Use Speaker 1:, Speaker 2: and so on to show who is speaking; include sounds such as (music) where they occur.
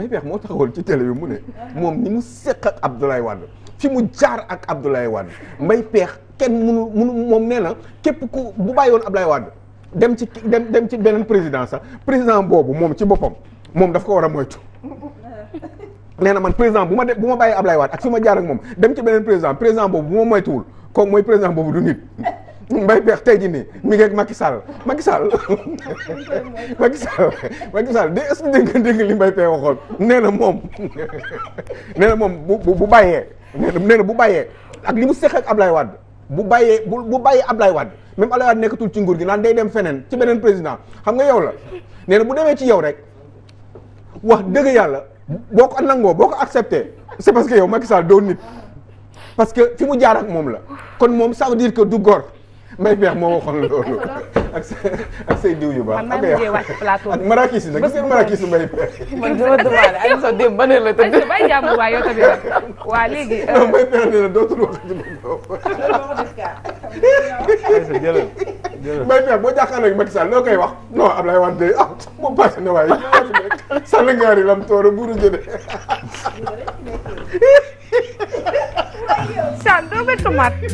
Speaker 1: may peex moo taxawal ci télé bi mu ne moom ni mu seq ak Abdoulaye Wade fi mu jaar ak Abdoulaye Wade mbay peex kenn munu munu moom nee na képp ku bu bàyyoon Abdoulaye Wade dem ci dem dem ci beneen président sax président boobu moom ci boppam moom daf ko war a moytu nee na man président bu ma de bu ma bàyyi Abdoulaye Wade ak fi ma jaar ak moom dem ci beneen président président boobu bu ma moytuwul kooku mooy président boobu du nit Mbaye Pekh tay jii nii mi ngek Macky Sall Macky Sall Macky Sall Macky Sall de est deug deug li Mbaye Pekh waxol neena mom neena mom bu bu bàyyee bu baye ak limu sekh ak Ablaye Wade bu baye bu baye Ablaye Wade même Ablaye Wade nekatul ci nguur gi nan day dem fenen ci benen président xam nga yow la neena bu demee ci yow rek wax deug yalla boko nango boko accepter c'est parce que yow Macky Sall do nit parce que fimu jaar ak mom la kon mom ça veut dire que du gore may peex moo waxoon loolu. ak sa ak say diw yu baax. ak yow ak marakis yi nag gis ngeen marakis mbay peex. (laughs) man dama demandé Aliou Sow démb ba ne la tëdd. bay jàmm waay yow tamit waa léegi. (laughs) non euh, may peex nee na dootul wax ci loolu. may (laughs) peex boo jàkkaarloo ak Macky Sall loo koy wax non Ablaye Wade ah moom passé na waaye. sànni ngaari lam tooro buuru jëde. Sane doo bëgg